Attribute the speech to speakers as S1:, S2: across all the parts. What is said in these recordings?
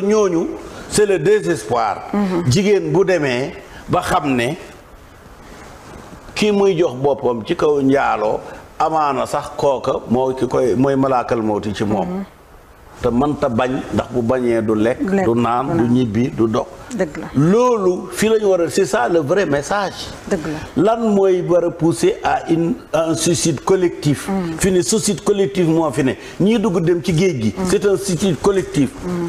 S1: que c'est le désespoir. jigéen bu demee ba xam ne kii muy jox boppam ci kaw njaaloo amana sax koka, moo ki koy mooy malaakal mawti ci mom. te mënta bañ ndax bu bañee du lekk. du naan du ñibbi du dox. dëgg la loolu fii c'est ça le vrai message. dëgg la lan mooy war pousser à une un suicide collectif. Mm. Fini suicide collectif moo fi ne ñii dugg dem ci géej gi. Mm. c'est un suicide collectif. Mm.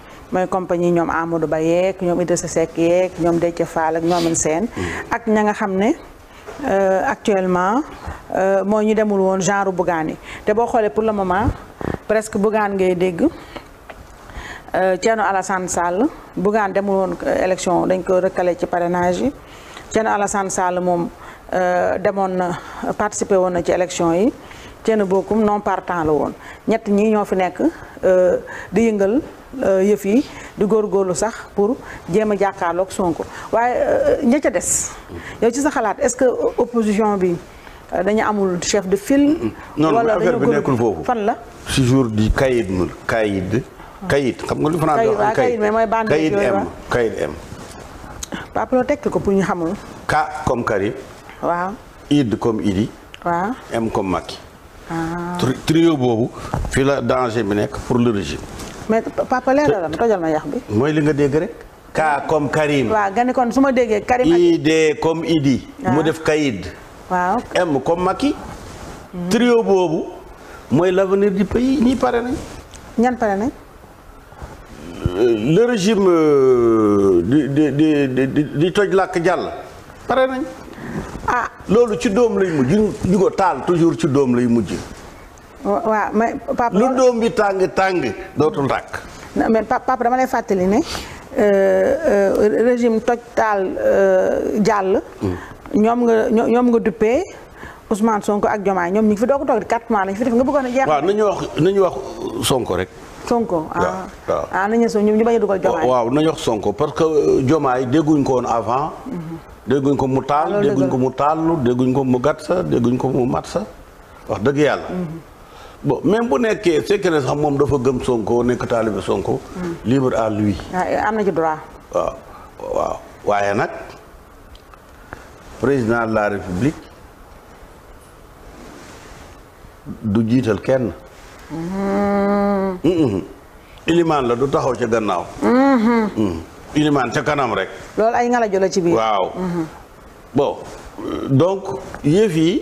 S2: mooy compagnie ñoom Amadou Ba yeeg ñoom Idrissa Seck yeeg ñoom Déthié Fall ak ñoom seen ak ña nga xam ne euh, actuellement euh, moo ñu demul woon genre Bougane te boo xoolee pour le moment presque Bougane ngay dégg euh, Thierno Alassane Sall Bougane demul woon élection dañ ko recalé ci parrainage yi Thierno Alassane Sall moom demoon na participer woon na ci élection yi Thierno Bocoum non partant la woon ñett ñi ñoo fi nekk di yëngal Euh, yëf yi di góorlu sax pour jéem a jàkkaarloog Sonko waaye euh, ña ca des. yow ci sa xalaat est-ce que opposition bi euh, dañu amul chef de file. bi nekkul gën fan la.
S1: toujours di kayit mu kayit. kayit xam nga lu France wax. kayit kayit mais mooy bande kayit kayit M.
S2: Pape ko pour ñu xamul.
S1: K comme Karim. Ah. boobu fii la danger bi nekk pour le régime.
S2: mais papa leeralal tojal ma yax bi.
S1: mooy li nga dégg rek. Ka comme Karim.
S2: waaw nga ne kon su ma déggee Karim.
S1: ID comme Idi. mu ah. def Kayid.
S2: waaw M comme Macky. trio
S1: boobu mooy l'avenir du pays ñii pare nañ. ñan pare nañ. Euh, le régime euh, di di di di toj làkk jàll pare nañ. ah loolu ci doom lay mujj ñu ko taal toujours ci doom lay mujj.
S2: waa mais papa lu doom
S1: bi tàng tàng dootul tàkk.
S2: mais papa dama lay fàttali ne euh, euh, régime toj taal euh, jàll. ñoom nga ñoom nga duppee Ousmane Sonko ak Diomaye ñoom ñu ngi fi doog a toog quatre mois lañ fi def nga bëggoon a jeex. waaw
S1: nañu wax nañu wax Sonko rek.
S2: Sonko ah ah nañu ñu bañ a dugal Diomaye.
S1: waaw nañu wax Sonko parce que Diomaye dégguñ ko woon avant. Mhm. dégguñ ko mu taal ah, dégguñ ko mu taalu dégguñ ko mu gàtt sa dégguñ ko mu mat sa wax dëgg yàlla. Mhm. bon même bu nekkee fekkee ne moom dafa gëm Sonko nekk taalibe Sonko. Hmm. libre à lui.
S2: Ah, am na ci droit.
S1: waaw waaw waaye nag président la république du jiital kenn.
S2: Hmm.
S1: ilimaan la du taxaw ca gannaaw.
S2: Hmm.
S1: Mm. ilimaan ca kanam rek.
S2: loolu ay ngala jola ci biir. waaw
S1: bon donc yëf yi.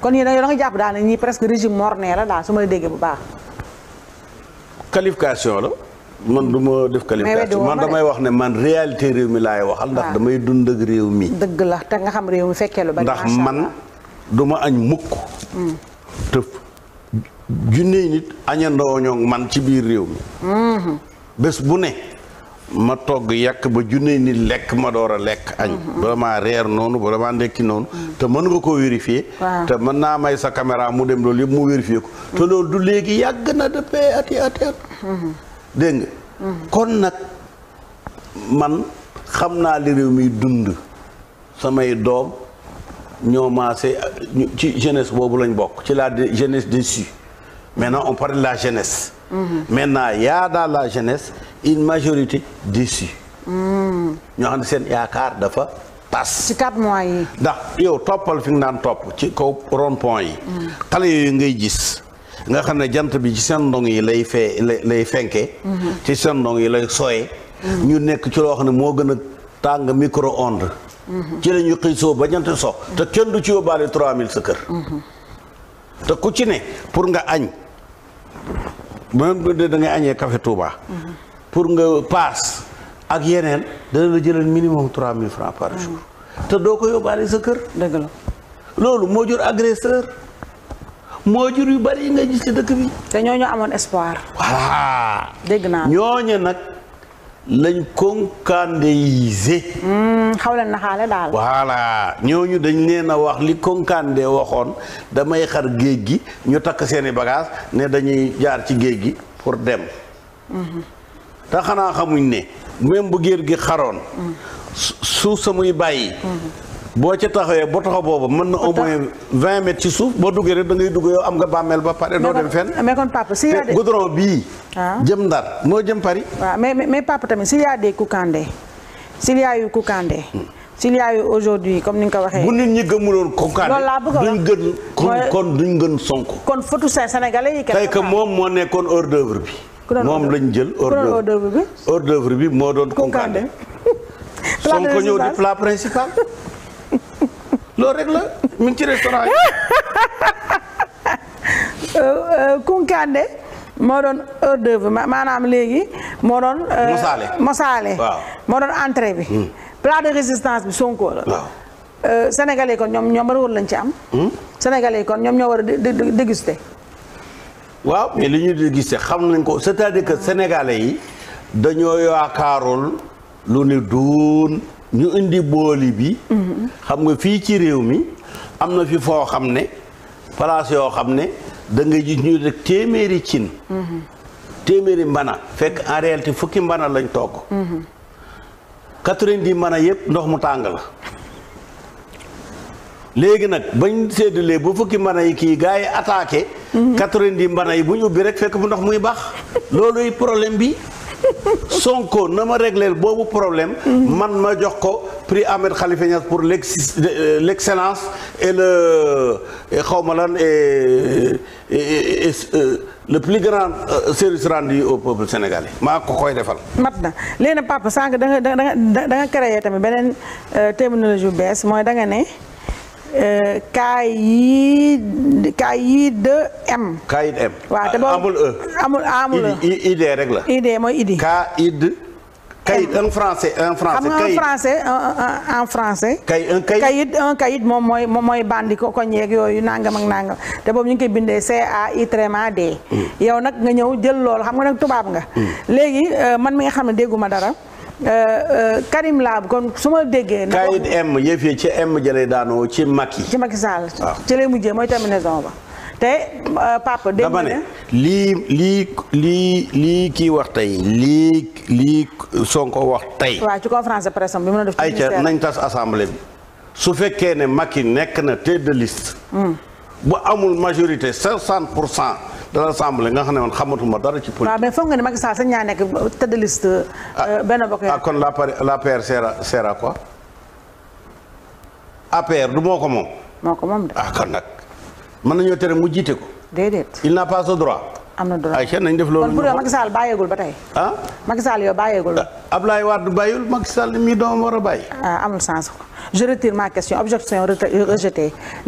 S2: kon yéen da nga jàpp daal ne ñii presque régime morné la daal su ma déggee bu baax.
S1: qualification la. man duma ma def qualification man damay wax ne man réalité réew mi laay waxal. ndax ah. damay dund réew mi.
S2: dëgg la te nga xam réew mi fekkee lu bari. ndax man
S1: duma ma añ mukk. Hmm. te junne nit añandoo ñoo man ci biir réew mi. Hmm. bés bu ne. ma togg yàq ba junne ni lekk ma door a lekk añ vraiment reer noonu vraiment ndekki noonu te mën nga ko vérifier te mën naa may sa caméra mu dem loolu yëpp mu vérifier ko te loolu du léegi yàgg na depuis ati ati at dégg nga kon nag man xam naa li réew mi dund samay doom ñoo maase ci jeunesse boobu lañ bokk ci la jeunesse déçue maintenant on parle de la jeunesse mhm. maintenant yaa daal la jeunesse une majorité déçue.
S2: ñoo
S1: xam ne seen yaakaar dafa pass
S2: ci quatre mois yi.
S1: ndax yow toppal fi nga naan topp ci kaw rond point yi. tali yooyu ngay gis. nga xam ne jant bi ci seen ndong yi lay fee lay fenkee. ci seen ndong yi lay sooyee. ñu nekk ci loo xam ne moo gën a tàng micro onde. ci la ñu xiisoo ba jant so. te kenn du ci yóbbaale 3000 sa kër. te ku ci ne pour nga añ. même bu dee da añee café Touba. pour nga paas ak yeneen dana la jëlal minimum 3000 francs par jour te doo ko yóbbaale sa kër. dëgg la loolu moo jur agresseur moo jur
S2: yu bari yi nga gis dëkk bi. te ñoo ñooñu amoon espoir. voilà. dégg naa
S1: ñooñu nag lañ konkandéisé.
S2: Hmm, xaw leen
S1: ñooñu dañ leen a wax li konkandé waxoon damay xar géej gi ñu takk seeni bagage ne dañuy jaar ci géej gi pour dem. Hmm. te xanaa xamuñ ne même bu géer gi xaroon suuf sa bàyyi boo ca taxawee boo taxaw booba mën na au moins vingt mètres ci suuf boo duggee rek da ngay dugg yow am nga bàmmeel ba pare doo dem fenn mais kon papa si yaa de goudron bii ah. jëm ndar moo jëm Paris
S2: waaw mais mais papa tamit s'il y a des Koukandé s'il y a a eu aujourd'hui comme ni nga ko waxee bu nit
S1: ñi gëmuloon Koukandé duñ gën kon duñ gën Sonko
S2: kon photo Sénégalais yi tey que moom moo
S1: nekkoon hors d'œuvre bi moom lañ jël hors d'oeuvre bi hors d'oeuvre bi moo doon Konkandé
S2: Sonko ñëw di plat principal
S1: loolu rek la mi ngi ci restaurant yi
S2: euh, euh, Konkandé moo doon hors d'oeuvre maanaam léegi moo doon euh, mosaale mosaale moo doon entrée bi hmm. plat de résistance bi Sonko la sénégalais kon ñoom ñoom war lañ ci am hmm? sénégalais kon ñoom ñoo war a déguster
S1: waaw mais li ñu di gisee xam nañ ko c'est-à-dire yi dañoo yaakaarul lu ne duun ñu indi booli bi. xam nga fii ci réew mi am na fi foo xam ne place yoo xam ne da ngay gis ñu rek téeméeri cin. téeméeri mbana fekk en réalité fukki mbana lañ togg. quatre-vingt-dix mbana yëpp ndox mu tàng la. léegi nag bañ séddalee bu fukki mbana yi kii gars yi quatre-vingt-dix mbana yi bu ñu ubbi rek fekk bu ndox muy baax looluy problème bi Sonko na ma régler boobu problème man ma jox ko prix Ahmed Khalifa Niass pour l'excellence et le xaw ma lan et euh, le plus grand euh, service rendu au peuple sénégalais maa ko koy defal
S2: mat na léegi papa sànq da nga da nga da nga tamit beneen euh, terminologie bu bees mooy da nga ne Kayid Kayid M.
S1: Kayid M. te boobu amul E.
S2: amul amul
S1: E. rek la.
S2: idée mooy idée. Kayid.
S1: Kayid un français en français.
S2: Kayid un français un moom mooy moom mooy bandi ko ko ñeeg yooyu nangam ak nangam te boobu ñu ngi koy bindee C A I tréma yow nag nga ñëw jël loolu xam nga nag tubaab nga. léegi man mi nga xam ne dégguma dara. Karim Laab kon su ma déggee. kayit
S1: M yëf yi ci M jëlee daanoo ci Macky. ci
S2: Macky Sall ah. ci lay mujjee mooy terminaison ba te euh, papa. dégg dama
S1: lii lii lii lii kii wax tey lii lii Sonko wax tey.
S2: waaw ci conférence de presse bi mën a def. ayca nañ tas
S1: assemblée bi su fekkee ne Macky nekk na tête de liste. Hmm. bu amul majorité 60 pour cent. de l'Assemblée nga xam ne man xamatuma dara ci politique.
S2: waaw mais foog nga ne Macky Sall sax ñaa nekk tête de euh,
S1: ah, benn bokk ah kon l'APR sert à quoi. APR du moo ko moom. moo ko moom de. ah kon nag mën nañoo tere mu jiite ko. déedéet il n'a pas ce droit.
S2: am na droit ay kenn nañ def loolu. kon pour yow Macky Sall bàyyeegul ba tey. ah Macky Sall yow bàyyeegul.
S1: Ah, Ablaye Wade bàyyul Macky Sall mii doomam war a bàyyi.
S2: ah amul sens je retire ma question objection rejetée.